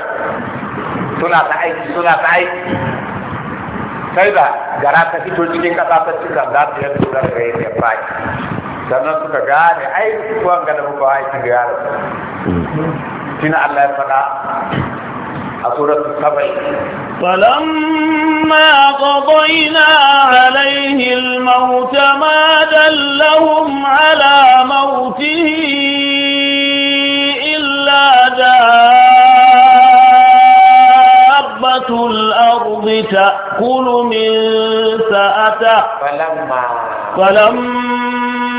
suna ta aiki suna ta aiki sai da gara ta fito cikin kasa ta cikin za ta yanzu da yi yin yamma sannan suka gane aiki kuwan ga da muka aiki ga yaro hmm. shine الله ya faɗa السبع فلما قضينا عليه الموت ما دلهم على موته إلا دابة الأرض تأكل من سأته فلما فلما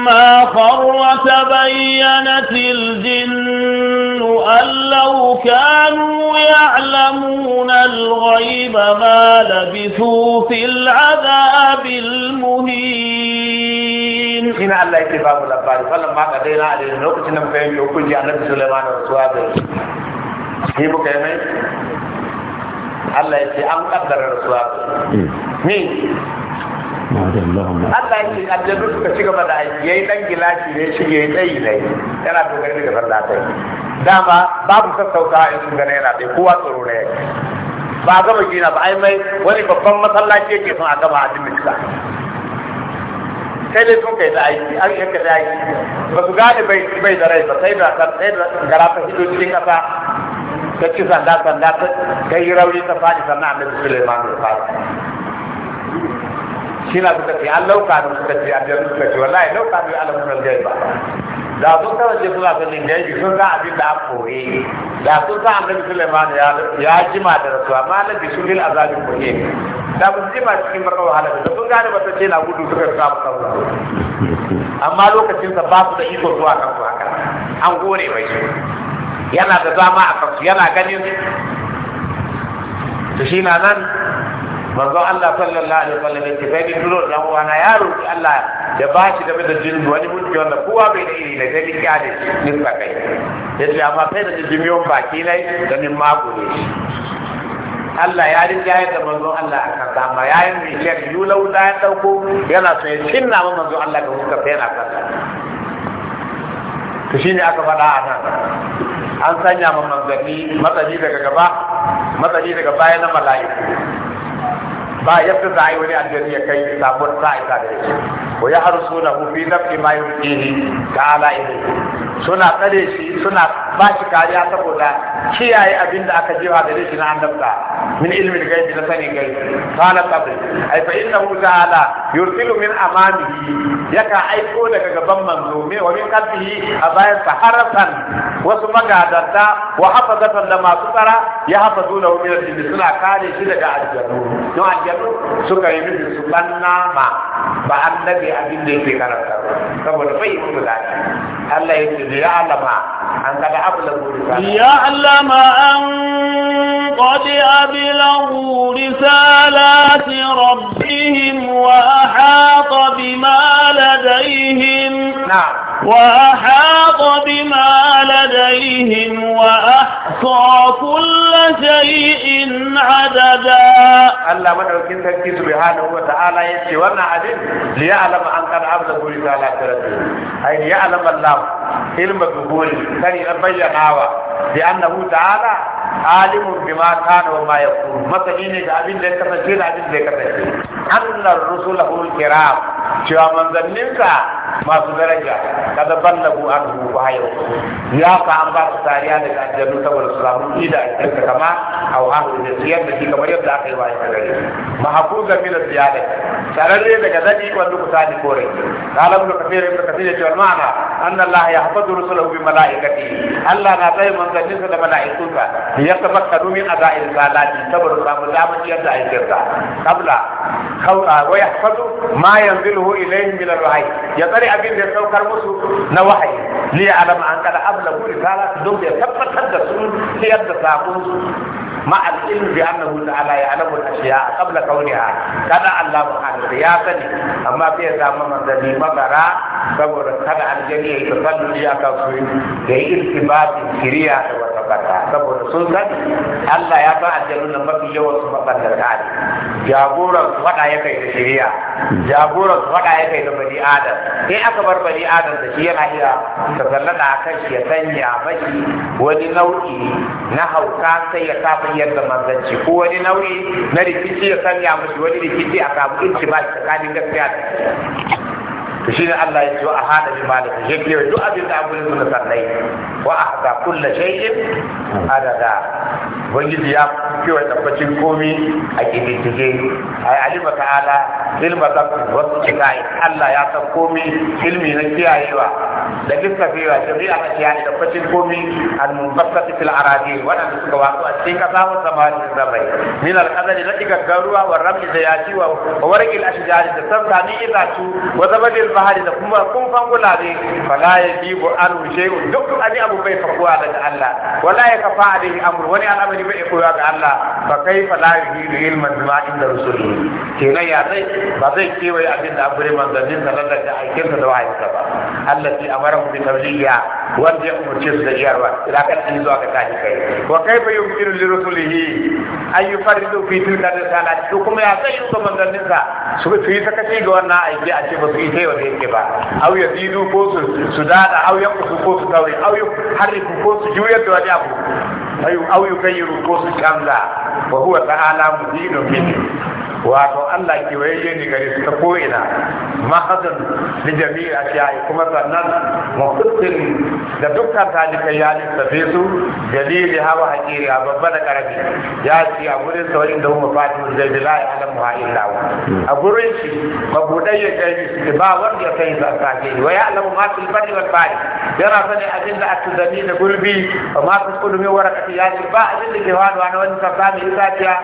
فلما خر تبينت الجن أن لو كانوا يعلمون الغيب ما لبثوا في العذاب المهين إن الله يتفاق الأبار فلما قدينا عليه نوك تنم فهم يوكل جانب سليمان ورسوابه هيبو كيمين الله يتفاق الأبار ورسوابه مين Allah ya ce aljanu suka ci gaba da aiki yayi dan gilashi ne shi yayi tsayi ne yana dogare da farda kai dama babu sassauta in sun gane yana dai kowa tsoro ne ba gama gina ba ai mai wani babban masallaci yake son a gaba a dimita sai dai sun kai da aiki an yanka da aiki ba su gane bai da rai ba sai da sai da gara ta hido cikin kasa ta ci sanda sanda ta yi rauni ta fadi sannan annabi Sulaiman ya fadi sina suka ce an lauka da suka ce aljanu suka ce wallahi law lauka da alamun aljaiba da sun kasance suna sanin gaibi sun san abi da ko koye da ta am annabi suleiman ya ya ma da rasuwa ma bi sulil azab ko kuhe da bu ba ma jima cikin ko wahala da sun gane ba ta ce na gudu suka samu kansu amma lokacin sa ba su da iko zuwa kansu aka an gore mai su yana da dama a kan yana ganin su shi na nan manzo Allah sallallahu alaihi wasallam yace sai ni duro dan uwana ya roki Allah da ba shi game da jinni wani mutum wanda kowa bai da iri ne sai ni kyale ni sakai yace amma sai da jimiyon baki nai da ni mako ne Allah ya rinjaye da manzo Allah a kan dama ya yi mai shek yulau da ya dauko yana so ya cinna ma manzo Allah ga huska fa ka kan to shine aka faɗa a nan an sanya ma manzanni matsayi daga gaba matsayi daga baya na mala'iku ba yadda za a wani addini ya kai sabon sa'ita da ce ko ya har suna hufi na fi ma yi ta'ala ilai suna tsare shi suna ba shi kariya saboda kiyaye abinda aka jiwa da shi na annabta من علم الغيب لسني غيب قال طب أي فإنه تعالى يرسل من أمامه يكا اي كون لك غبان منظومي ومن قلبه أبايا سحرة وسما قادتا وحفظة لما سطرة يحفظونه من الجن سنة كاري شلك الجنو نوع الجنو سكر يمين سبحانه ما ba annabi abin da في karanta طب bai yi الله Allah ya ce ya ابلغ an kada abla ya alama أبلغوا رسالات ربهم وأحاط بما لديهم نعم. وأحاط بما لديهم وأحصى كل شيء عددا الله مدعوكين تكي سبحانه وتعالى يسي وانا عدد ليعلم أن قد عبده رسالات ربهم أي ليعلم الله علم بقول ثاني أبين بأنه تعالى عالم بما كان وما yakun masani ne ga abin da ya kasance da abin da ya kasance annar rusulahu kiram cewa manzanninka masu daraja kada ballagu an hu bayo ya ka an ba su tariya daga aljannu saboda su samu da siyar da shi kamar yadda aka yi bayan gare mahafur ga mila ziyada sararre daga dadi wanda ku sani kore ya ce ma'ana anna allah yahfazu rusulahu allah na da ya jihadi saboda samu damar ciyar da aikinsa kabla wa ya fasu ma yanzilu ilayhim min al-wahyi ya tsare abin da saukar musu na wahayi li alama an kada ablagu risala don ya tabbatar da sun ciyar da sakon su ma al-ilm bi annahu ta'ala ya'lamu al-ashiya qabla kawniha kada Allah muhammad ya sani amma bai zama manzali mabara saboda kada aljani ya yi tasallu ya kafu da iltibatin kiriya da mabarnata saboda sun sani Allah ya ba aljanu na mafi yawan su da ne jagoran su faɗa ya kai da shari'a jagoran su faɗa ya kai da bani adam sai aka bar bani adam da shi yana iya ta sallada a kan shi ya sanya mashi wani nau'i na hauka sai ya samu yadda manzanci ko wani nau'i na rikici ya sanya mashi wani rikici a samu inci ba tsakanin gaskiya to ne Allah ya ce a hada bi malaka ya ke duk abin da abin suna sallai wa a hada kulla shay'in adada wani ubangiji ya da tabbacin komi a kididdige ai alima ta'ala ilma ta wasu kitai Allah ya san komi ilmi na kiyayewa da lissafewa jami'a ta kiyaye tabbacin komi al-munfassat fil aradi wadanda suka wato a cikin kasa wa samani sabai min al-qadari na digaggaruwa wa ramli da ya yaci wa warqil ashjari da sabta ni idatu wa zabadil bahari da kuma kun fangula ne fala ya jibu anhu shay'un duk ani abu bai fakuwa daga Allah wala ya kafa alaihi amru wani al'amari bai koya ga Allah fa kaifa la yuhidu ilman ma inda rusuli kenan ya zai ba zai kewaye abin da abure manzannin da Allah da aikin sa da ka ba Allah ti amara mu bi tawliya wanda ya umurce su da iyarwa ila kan an zuwa ga tashi kai wa kaifa yumkinu li rusulihi ay yufarridu fi tilka risalati kuma ya zai yi manzannin sa su yi sakaci ga wannan aiki a ce ba su yi sai ke ba aw ya didu ko su su dada aw ya ku ko su tauri aw ya harifu ko su juyar da wani abu aw ya kayyiru ko su canza wa huwa ta'ala mudinun min wato Allah waye ne gare su ta ko'ina mahadin da jami'a ta yi kuma sannan mafusin da dukkan talibai ya lissafe su dalili hawa hakiri a babba da karfi ya ce a gurin saurin da mu Fati zai bila ya alam muha'in lawa a gurin shi mabudai ya kai shi ba wanda ya kai sa sake wa ya alamu ma fil bari wal bari yana sani abin da aka zami da gurbi ma fil mai warakati ya ce ba abin da ke wani na wani sabba mai ya?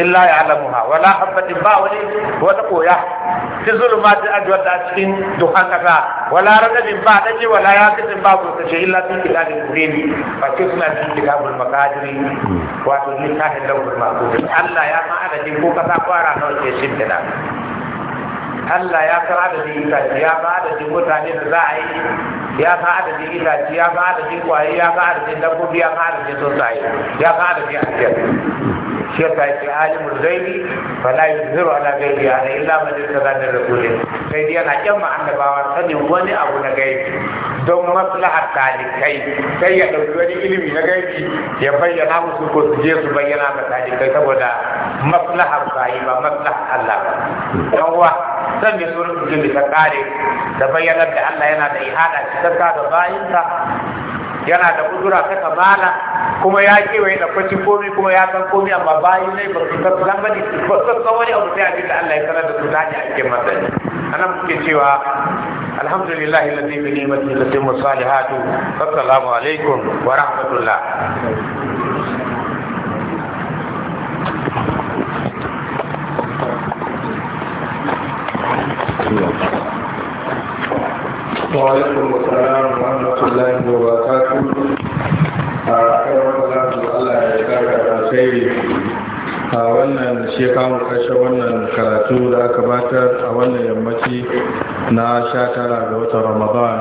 illa ya alamu ha wala habbatin ba wani wata koya fi zulumatin adwa ta cikin duhan kasa wala radabin ba daji wala yaqitin ba ko tace illa fi kitabin mubin fa ke suna cikin kitabul makadiri wato littafin lawhul mahfuz Allah ya ma adadin kasa kwara nawa ke shindina Allah ya san adadin itace ya ba adadin mutane da za a yi ya san adadin ya ba adadin ya ba ya ya شيخ عيسى عالم الغيب فلا يظهر على ta هذا الا من ارتضى yana رسوله سيدي انا جمع sanin wani وني ابو نغيب don maslahar talikai sai ya dauki wani ilimi na gaibi ya bayyana musu ko su je su bayyana ga talikai saboda maslahar sa'i ba maslahar Allah ba don wa san da ta da bayyanar da Allah yana da ihada cikakka ga yana da kudura ta kamala kuma ya kewaye da kwacin komi kuma ya san komi amma bayi ne ba su san san bane ba su san wani abu sai a da Allah ya sanar da su da hanyar ake masa ne anan muke cewa alhamdulillahi alladhi bi ni'matihi tatimmu salihatu assalamu alaikum wa rahmatullah وعليكم السلام ورحمة الله وبركاته a kai za Allah a wannan shekaru kashe wannan karatu da aka batar a wannan yammaci na sha tara ga watan ramadan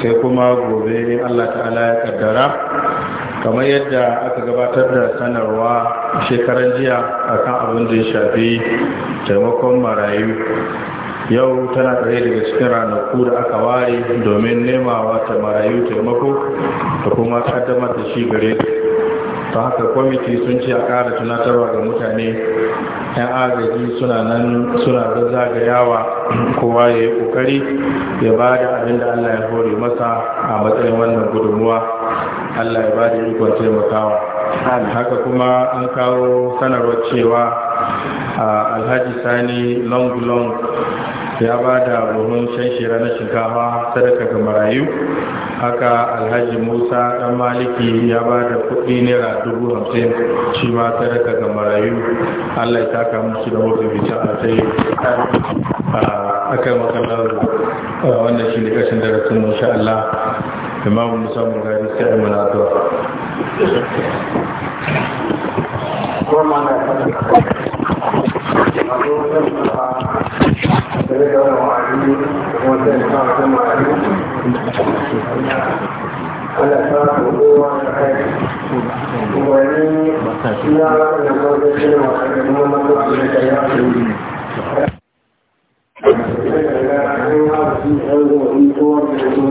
sai kuma gobe Allah ta'ala ya kaddara kamar yadda aka gabatar da sanarwa shekaran jiya akan abin da ya shafi taimakon marayu yau tana ɗaya daga cikin ranaku da aka ware domin nemawa ta marayu taimako da kuma kaddamar da shi gare ta haka kwamiti sun ce a ƙara tunatarwa ga mutane 'yan agaji suna nan suna zagayawa kowa ya yi ƙoƙari ya ba da abin da allah ya hori masa a matsayin wannan gudunmuwa allah ya ba da ikon taimakawa haka kuma an kawo sanarwar cewa alhaji sani long long ya ba da buhun shanshira na shinkafa sadaka ga marayu haka alhaji musa dan maliki ya ba da kuɗi naira dubu hamsin shi ma sadaka ga marayu allah ya taka musu da mafi bisa a sai aka makalar wannan shi ne kashin darasin insha allah imamu musa mu gari sai a muna Allah ta kowa da kai wani ya da kawai shi ne wasu da kuma masu da ya fi yi. Thank you.